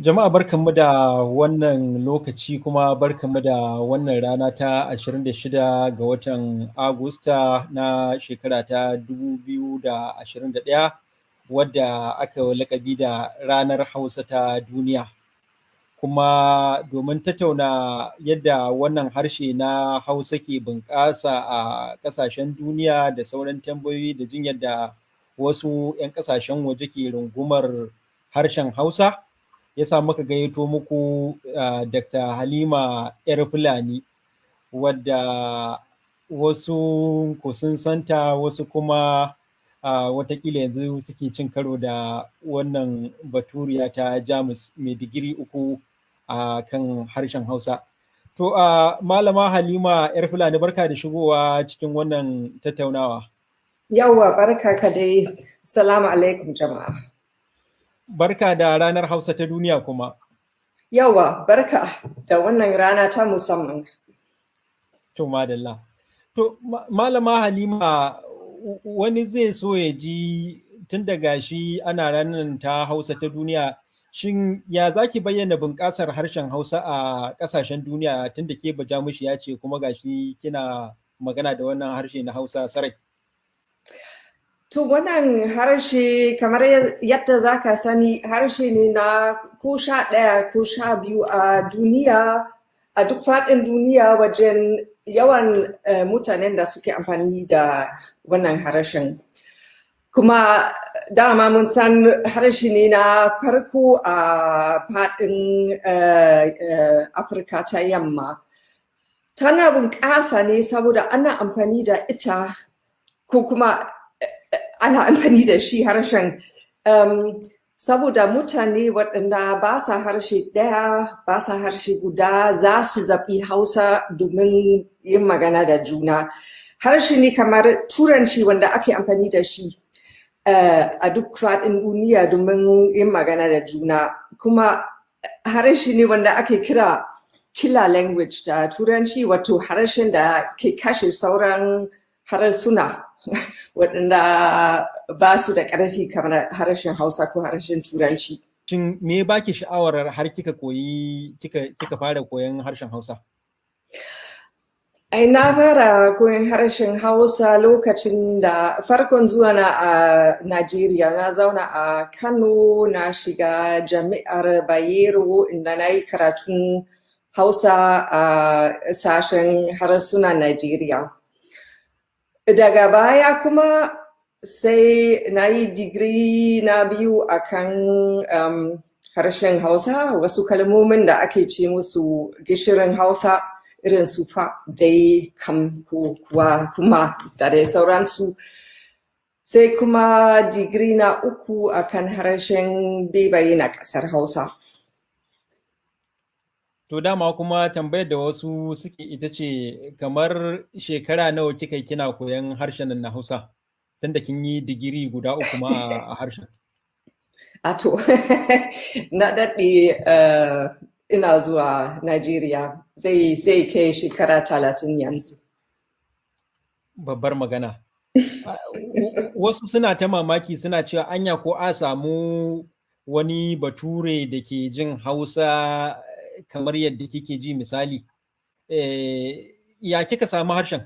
Jama'a barkanmu da wannan lokaci kuma barkanmu da wannan rana ta 26 ga watan Agusta na shekara ta 2021 wadda aka lakabi da ranar Hausa ta duniya. Kuma domin tattauna yadda wannan harshe na Hausa ke bunƙasa a ƙasashen duniya da sauran tambayoyi da jinyar da wasu 'yan ƙasashen waje ke rungumar harshen Hausa. ya sa muka gayyato muku eh, Dr. Halima ‘yar Fulani wadda wasu ku sun santa wasu kuma eh, watakila yanzu suke cin karo da wannan baturiya ta Jamus mai digiri uku a kan harshen Hausa. To, uh, Malama Halima ‘yar Fulani barka da shigowa cikin wannan tattaunawa. Yawwa barka ka dai, salamu alaikum jama'a. Barka da ranar Hausa ta duniya kuma. Yawa, barka da wannan rana ta musamman. To, madalla. To, malama Halima wani zai so ya ji tun daga shi ana ranar ta Hausa ta duniya Shin ya zaki bayyana bunƙasar harshen Hausa a ƙasashen duniya tun da ke bajamushi ya ce kuma gashi kina magana da wannan harshe na Hausa sarai? To wannan harshe kamar yadda za ka sani harshe ne na ko sha ɗaya ko sha biyu a duniya a duk faɗin duniya wajen yawan eh, mutanen da suke amfani da wannan harshen. Kuma dama mun san harshe ne na farko a faɗin eh, eh, Afirka ta yamma. Tana bunƙasa ne saboda ana amfani da ita ko kuma ana amfani da shi harshen um, saboda mutane waɗanda ba sa harshe ɗaya ba sa harshe guda za su zaɓi hausa domin yin magana da juna harshe ne kamar turanci wanda ake amfani da shi uh, a duk faɗin duniya domin yin magana da juna kuma harshe ne wanda ake kira killer language da turanci wato harshen da ke kashe sauran harsuna waɗanda ba su da ƙarfi kamar harshen hausa ko harshen turanci shin me baki sha'awar har kika koyi kika fara koyon harshen hausa Ai, na fara koyon harshen Hausa lokacin da farkon zuwa na a Najeriya na zauna a Kano na shiga jami'ar Bayero inda na yi karatun Hausa a sashen harsunan Najeriya. daga baya kuma sai na yi digiri na biyu a kan um, harshen hausa wasu kalmomin da ake ce musu gishirin hausa irin su fa dai kam ko kuwa kuma da dai sauransu sai kuma digiri na uku a kan harshen bebaye na ƙasar hausa To dama kuma tambayar da wasu suke ita ce kamar shekara nawa kika kina koyan harshen na Hausa tunda kin yi digiri guda uku ma a harshen. A to, na daɗe eh, ina zuwa Najeriya zai sai kai shekara talatin yanzu. Babbar magana. Wasu suna ta mamaki suna cewa anya ko a samu wani bature da ke jin Hausa kamar yadda kike ji misali eh, ya kika samu harshen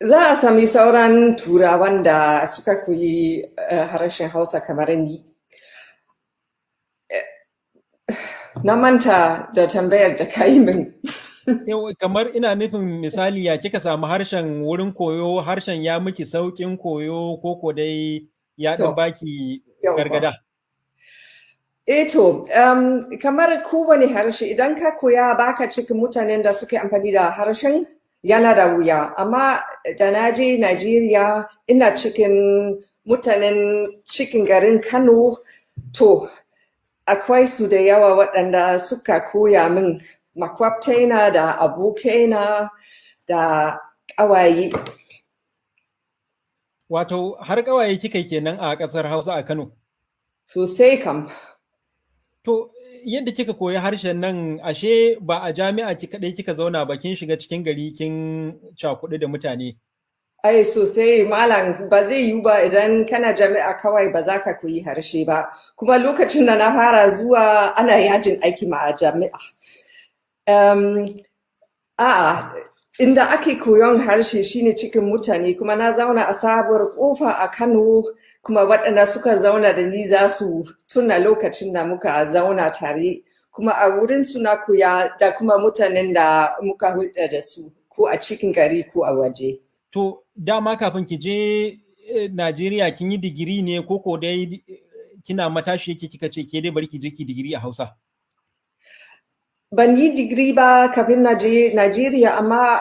za a sami sauran turawan da suka koyi eh, harshen hausa kamar ni eh, na manta da tambayar da ka yi min kamar ina nufin misali ya kika samu harshen wurin koyo harshen ya miki sauƙin koyo ko dai ya ɗan baki gargada E to, um, kamar kowane harshe idan ka koya baka cikin mutanen da suke amfani da harshen yana da wuya, amma da na je Najeriya ina cikin mutanen cikin garin Kano to akwai su da yawa waɗanda suka koya min makwabtaina da abokaina da ƙawaye. Wato har ƙawaye kika kenan a ƙasar Hausa a Kano? Sosai kam. To yadda kika koyi harshen nan ashe ba a jami'a ki kaɗai kika zauna ba kin shiga cikin gari kin cakuɗu da mutane. Ai sosai malam ba zai yiwu ba idan kana jami'a kawai ba za ka koyi harshe ba. Kuma lokacin da na fara zuwa ana yajin aiki ma a jami'a. a'a inda ake koyon harshe shine cikin mutane kuma na zauna a sabuwar kofa a Kano kuma waɗanda suka zauna da ni za su tuna lokacin da muka zauna tare kuma a wurin suna kuya da kuma mutanen da muka hulɗa da su ko a cikin gari ko a waje. To dama kafin ki je eh, Najeriya kin yi digiri ne ko ko dai eh, kina matashi yake kika ce ke dai bari ki je ki digiri a Hausa. Ban yi digiri ba kafin Najeriya amma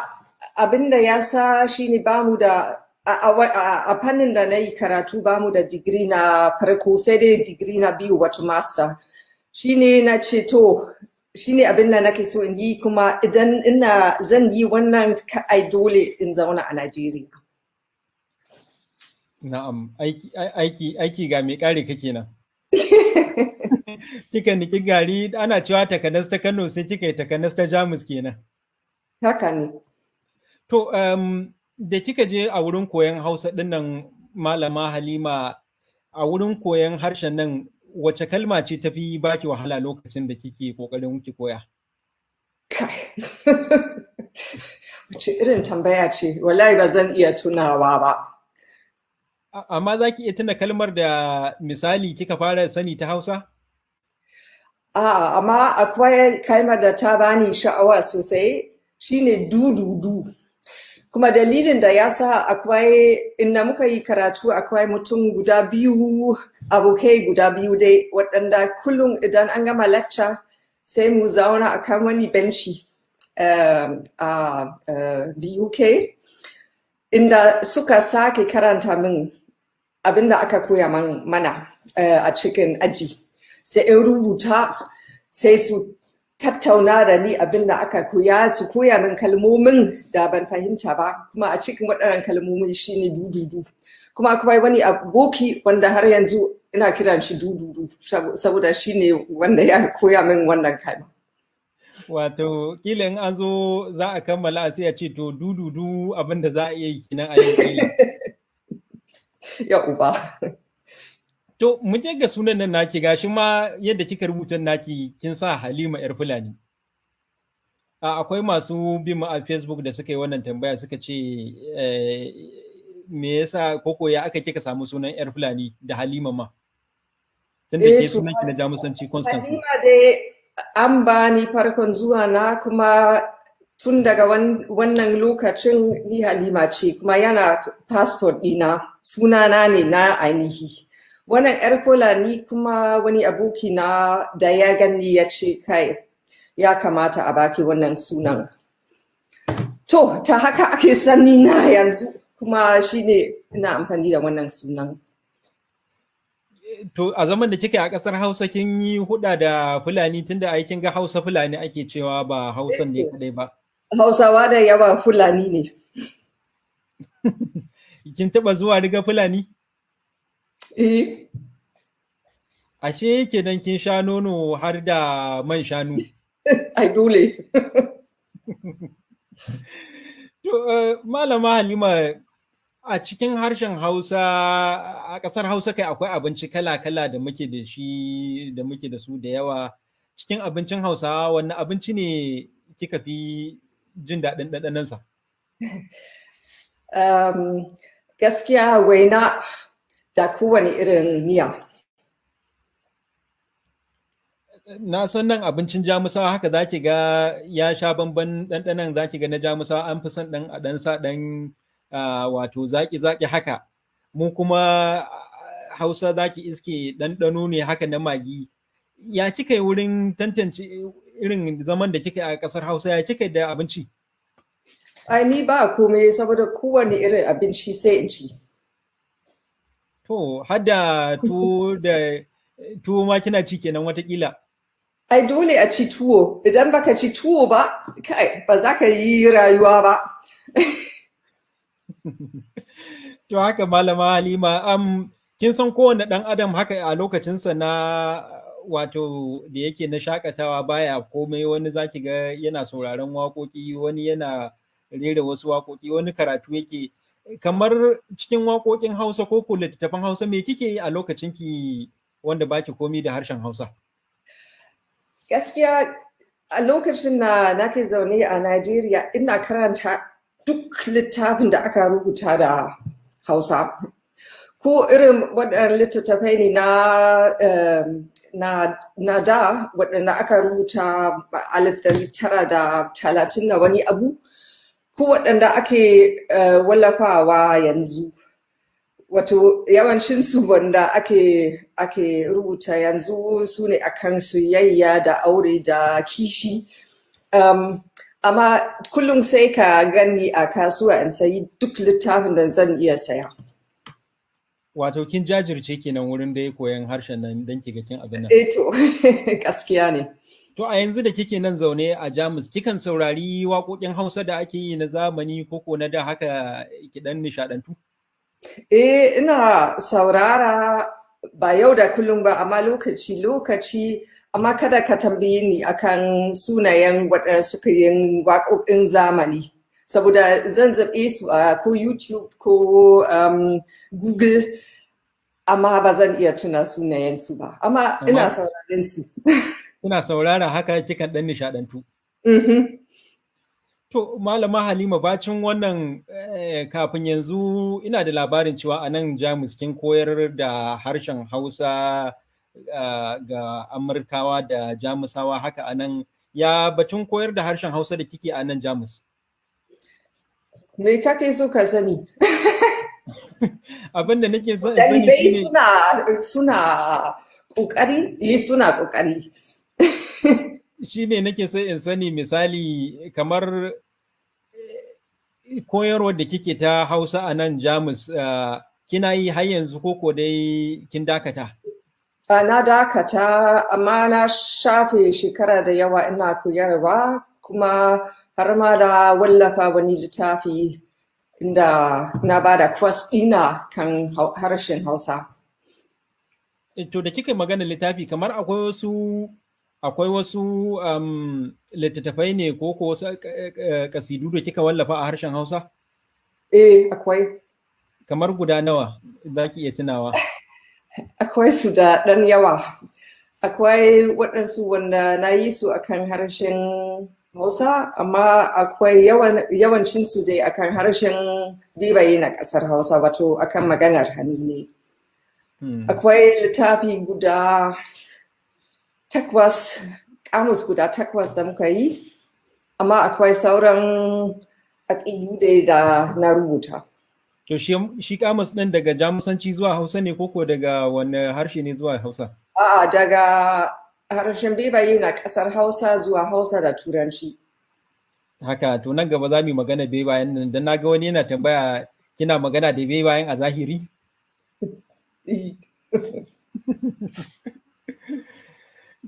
abin da ya sa shi ne ba mu da a fannin da na yi karatu ba mu da digiri na farko sai dai digiri na biyu wato master shine na ce to shine abin da nake so in yi kuma idan ina zan yi wannan ai dole in zauna a Najeriya. Na'am, aiki, aiki, aiki ga mai kare kake nan. kika niki gari ana cewa takanas ta Kano sai kika yi takanas ta Jamus kenan. Haka ne. To, um, da kika je a wurin koyon Hausa dinnan malama Halima a wurin koyon harshen nan wace kalma ce tafi baki wahala lokacin da kike kokarin ki koya? Wace irin tambaya ce, wallahi ba zan iya tunawa ba. Amma za ki iya tuna kalmar da misali kika fara sani ta Hausa? A, amma akwai kalmar da ta bani sha'awa sosai shine du-du-du. kuma dalilin da ya sa akwai inda muka yi karatu akwai mutum guda biyu abokai guda biyu dai waɗanda kullum idan an gama lacca, sai mu zauna a kan wani benci eh, a eh, uk inda suka sake karanta min abinda aka koya mana eh, a cikin aji sai in rubuta sai su tattauna da ni abin da aka koya su koya min kalmomin da ban fahimta ba kuma a cikin waɗannan kalmomin shine dududu kuma akwai wani aboki wanda har yanzu ina kiran shi dududu saboda shine wanda ya koya min wannan kalma wato kila in an zo za a kammala a sai a ce to dududu abin da za a iya yi kinan a yau yau ba To mu je ga sunan nan naki gashi ma yadda kika rubuta naki kin sa Halima yar Fulani. akwai masu bin mu a Facebook da suka yi wannan tambaya suka ce eh, me yasa koko ya aka kika samu sunan yar Fulani da Halima ma. Tunda ke eh, sunan ki na Jamusanci Constance. Halima dai an bani farkon zuwa na kuma tun daga wannan lokacin ni Halima ce kuma yana passport dina sunana ne na ainihi. Wannan 'yar Fulani kuma wani abuki na da ya gani ya ce kai ya kamata a baki wannan sunan. To, ta haka ake sani na yanzu kuma shine ina amfani da wannan sunan. To, a zaman da kike a ƙasar Hausa kin yi huda da Fulani tunda ai kin ga Hausa Fulani ake cewa ba Hausan ne eh kadai ba. Hausawa da yawa Fulani ne. kin taɓa zuwa riga Fulani? Eh. Ashe nan kin sha nono har da man shanu. Ai dole. Eh, Malama Halima a cikin harshen Hausa a ƙasar Hausa kai akwai abinci kala-kala da muke da shi da muke da su da yawa. Cikin abincin Hausa wannan abinci ne kika fi jin daɗin ɗanɗanansa? Um, gaskiya waina da kowane irin miya. Na san nan abincin jamusawa haka za ki ga ya sha bamban ɗanɗanan za ki ga na jamusawa an fi son ɗan a ɗan sa ɗan wato zaki-zaki haka. Mu kuma Hausa za ki iske ɗanɗano ne haka na magi. Ya kika yi wurin tantance irin zaman da kika a ƙasar Hausa ya kika da abinci? Ai ni ba komai saboda kowane irin abinci sai in ci. To, hada tu da tuwo ma kina ci kenan watakila. Ai dole a ci tuwo, idan baka ci tuwo ba, kai ba za ka yi rayuwa ba. to haka malama Halima, um, kin san kowane ɗan adam haka a lokacinsa na wato da yake na shakatawa baya komai wani zaki ga yana sauraron wakoki wani yana rera wasu waƙoƙi wani karatu yake kamar cikin waƙoƙin Hausa ko ko littattafan Hausa me kike yi a lokacin ki wanda baki komi da harshen Hausa? Gaskiya a lokacin na nake zaune a Najeriya ina karanta duk littafin da aka rubuta da Hausa. Ko irin waɗannan littattafai ne na eh, na, na da waɗanda aka rubuta a tara da talatin na wani abu ku waɗanda ake eh, wallafawa yanzu wato yawancinsu wanda ake ake rubuta yanzu su ne akan soyayya da aure da kishi um, amma kullum sai ka gani a kasuwa in sayi duk littafin da zan iya saya wato kin jajirce kenan wurin da ya koyan harshen nan don ki ga kin abin nan eh to gaskiya ne To a yanzu da kike nan zaune a Jamus, kikan saurari waƙoƙin Hausa da ake yi na zamani koko na da haka ki nishaɗantu? Eh ina saurara ba yau da kullum ba amma lokaci lokaci amma kada ka tambaye ni akan sunayen waɗanda suka yin waƙoƙin zamani. Saboda zan zaɓe su a ko YouTube ko um, Google amma ba zan iya tuna sunayensu ba. Amma ina sauraron su. Ina saurara haka kikan ɗan nishaɗantu. Mm-hmm. To, Malama Halima bacin wannan eh, kafin yanzu ina da labarin cewa a nan Jamus kin koyar da harshen Hausa ah, ga Amurkawa da Jamusawa haka a nan ya batun koyar da harshen Hausa da kike a nan Jamus. Me kake so ka sani? abin da nake sani. Dalibai suna suna Yi eh, suna kokari. shi ne nake sai in sani misali kamar eh, koyarwar da kike ta hausa a nan jamus eh, kina yi har yanzu koko dai kin dakata na dakata amma na shafe shekara da yawa ina koyarwa kuma har ma da wallafa wani littafi inda na ba da ɗina kan harshen hausa eh, to da kika magana littafi kamar akwai wasu akwai wasu um, littattafai ne ko ko wasu eh, eh, kasidu da kika wallafa a harshen Hausa? Eh, akwai. Kamar guda nawa za ki iya tunawa? akwai su da ɗan yawa. Akwai waɗansu wanda na yi su akan harshen Hausa, amma akwai yawancin su dai akan harshen bibayi na ƙasar Hausa, wato akan maganar hannu ne. Hmm. Akwai littafi guda takwas kamus guda takwas da muka yi amma akwai sauran aƙidu da na rubuta to shi kamus din daga jamusanci zuwa hausa ne ko ko daga wani harshe ne zuwa hausa a'a daga harshen bebaye na ƙasar hausa zuwa hausa da turanci haka to nan gaba za mu magana bebayen nan don na ga wani yana tambaya kina magana da bebayen a zahiri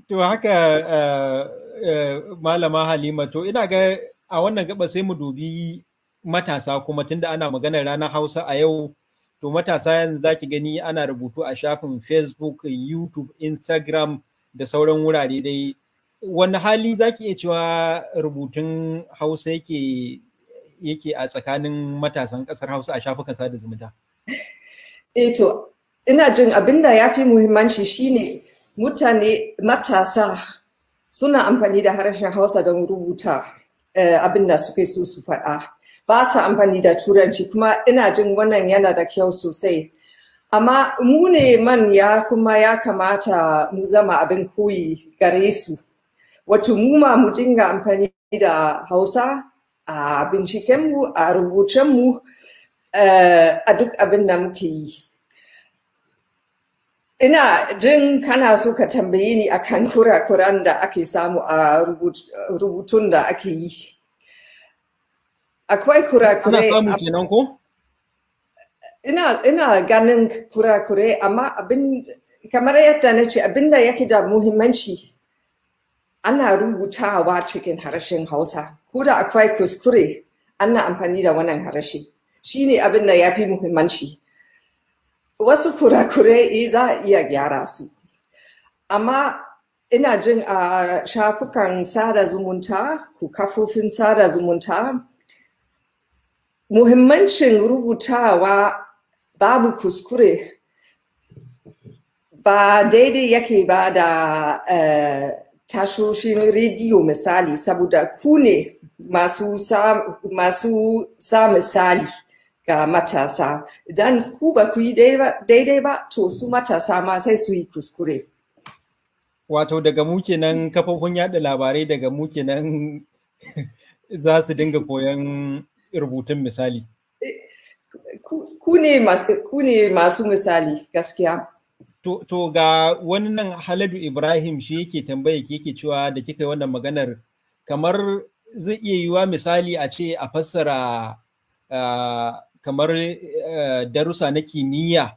To haka eh, eh, malama Halima to ina ga a wannan gaba sai mu dubi matasa kuma tunda ana maganar ranar Hausa a yau to matasa yanzu za ki gani ana rubutu a shafin Facebook, YouTube, Instagram da sauran wurare dai wani hali za ki iya cewa rubutun Hausa yake a tsakanin matasan ƙasar Hausa a shafukan sada zumunta? Eh to ina jin abinda da ya fi muhimmanci shine mutane matasa suna amfani da harshen hausa don rubuta eh, abin da suke so su faɗa ba su amfani da turanci kuma ina jin wannan yana da kyau sosai amma mu ne manya kuma ya kamata mu zama abin koyi gare su wato mu ma mu dinga amfani da hausa a bincikenmu a mu eh, a duk abin da muke yi Ina jin kana so ka tambaye ni akan kurakuran da ake samu a rubutun da ake yi. Akwai kurakurai. Ana samu kenan Ina, ina ganin kura-kure amma abin kamar yadda na ce abin da yake da muhimmanci ana rubutawa cikin harshen Hausa. Ko da akwai kuskure ana amfani da wannan harshe. Shi ne abin da ya fi muhimmanci. wasu e za a iya gyara su amma ina jin a shafukan sada zumunta ku kafofin sada zumunta muhimmancin rubutawa babu kuskure ba daidai yake ba da eh, tashoshin rediyo misali saboda ku ne masu sa misali ga matasa idan ku ba ku yi daidai ba to su matasa ma sai su yi kuskure wato daga mu kenan kafofin yada labarai daga mu kenan za su dinga koyon rubutun misali ku ne masu misali gaskiya to, to ga wani nan haladu ibrahim shi yake tambaya ke yake cewa da kika yi wannan maganar kamar zai iya yiwa misali a ce a fassara uh, kamar eh, darussa na kimiyya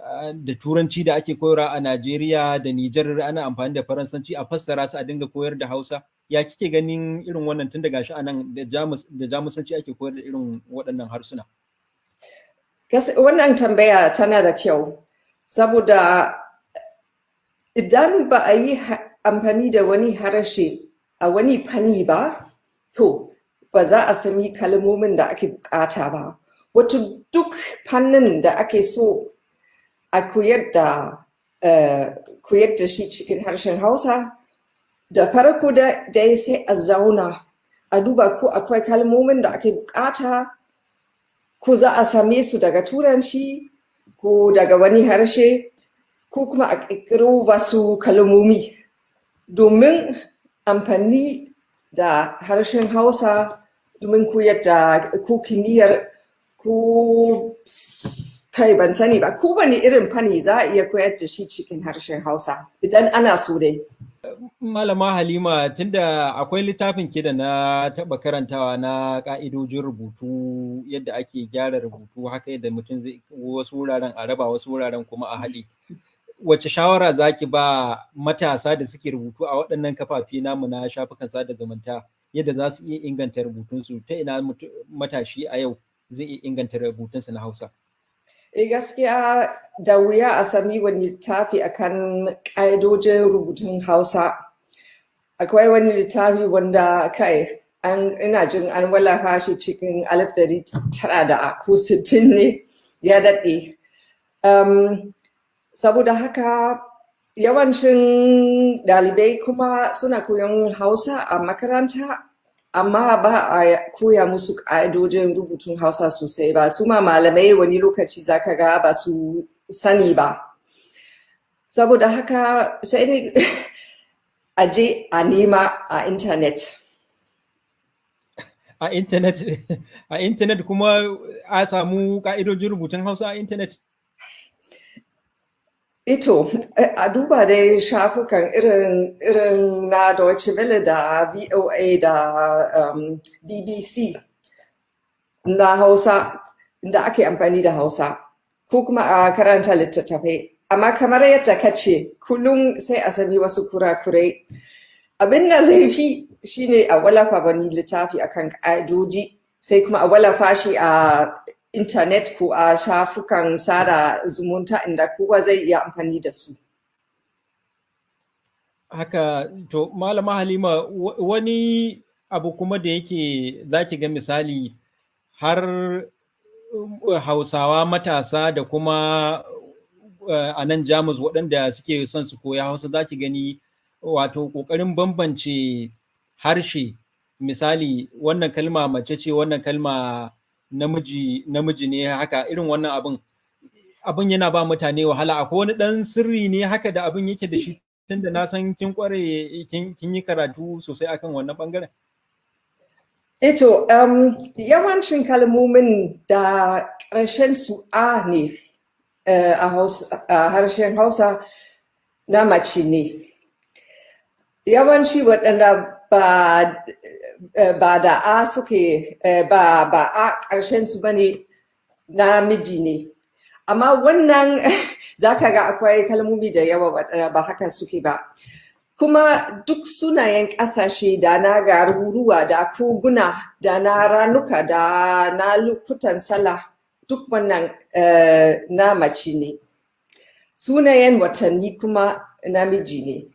eh, da turanci da ake koyarwa a Najeriya da Nijar ana amfani da Faransanci a fassara su a dinga koyar da Hausa. Ya kike ganin irin wannan tun daga shi a nan da Jamusanci ake koyar da irin waɗannan harsuna? Wannan tambaya tana da kyau, saboda idan ba a yi amfani da wani harshe a wani fanni ba, to ba za a sami kalmomin da ake bukata ba. wato duk fannin da ake so a eh, koyar da shi cikin harshen hausa da farko da dai sai a zauna a duba ko akwai kalmomin da ake bukata ko za a same su daga turanci ko daga wani harshe ko kuma a kirkiro wasu kalmomi domin amfani da harshen hausa domin koyar da ko kimiyyar ku kai ban sani ba ku wani irin fani za a iya koyar da shi cikin harshen hausa idan ana so dai malama halima tunda akwai littafin ki da na taba karantawa na ka'idojin rubutu yadda ake gyara rubutu haka yadda mutum zai wasu wuraren a raba wasu wuraren kuma a haɗe wace shawara zaki ba matasa da suke rubutu a waɗannan kafafe namu na shafukan sada zumunta yadda za su iya inganta rubutunsu ta ina matashi a yau zai iya inganta rubutunsa na Hausa? E gaskiya da wuya a sami wani littafi akan ƙa'idojin rubutun Hausa. Akwai wani littafi wanda kai an ina jin an wallafa shi cikin alif dari tara da ku sittin ne ya daɗe. Um, saboda haka yawancin ɗalibai kuma suna koyon Hausa a makaranta amma ba a koya musu ƙa'idojin rubutun hausa sosai ba su ma malamai wani lokaci za ka ga ba su sani ba saboda haka sai dai a je a nema a intanet a intanet kuma a samu ƙa'idojin rubutun hausa a intanet Ito, eh eh, a duba dai shafukan irin, irin na Deutsche Welle da VOA da um, BBC na Hausa, da ake amfani da Hausa, ko kuma a karanta littattafai. Amma kamar yadda ka ce, kullum sai a sami wasu kurakurai. Abin da zai fi shine a wallafa wani littafi akan ƙa'idodi, sai kuma a wallafa shi a internet ko a shafukan sada zumunta inda kowa zai iya amfani da su. Haka, to, Malama Halima, wani abu kuma da yake za ki ga misali har eh, hausawa matasa da kuma eh, a nan jamus waɗanda suke son su koya hausa za ki gani wato ƙoƙarin bambance harshe misali wannan kalma mace ce wannan kalma namiji namiji ne haka irin wannan abin abin yana ba mutane wahala akwai wani dan sirri ne haka da abin yake da shi tunda na san kin kware kin yi karatu sosai akan wannan bangaren Eto, eh um, yawancin kalmomin da ƙarshen su a ne eh, a harshen Hausa na mace ne. Yawanci waɗanda ba Eh, ba da a suke eh, ba ba a ƙarshen su bane miji ne amma wannan zaka ga akwai kalmomi da yawa waɗanda ba haka suke ba kuma duk sunayen ƙasashe da na garuruwa da koguna da na ranuka da na lukutan sala, duk wannan eh, na mace ne sunayen watanni kuma namiji ne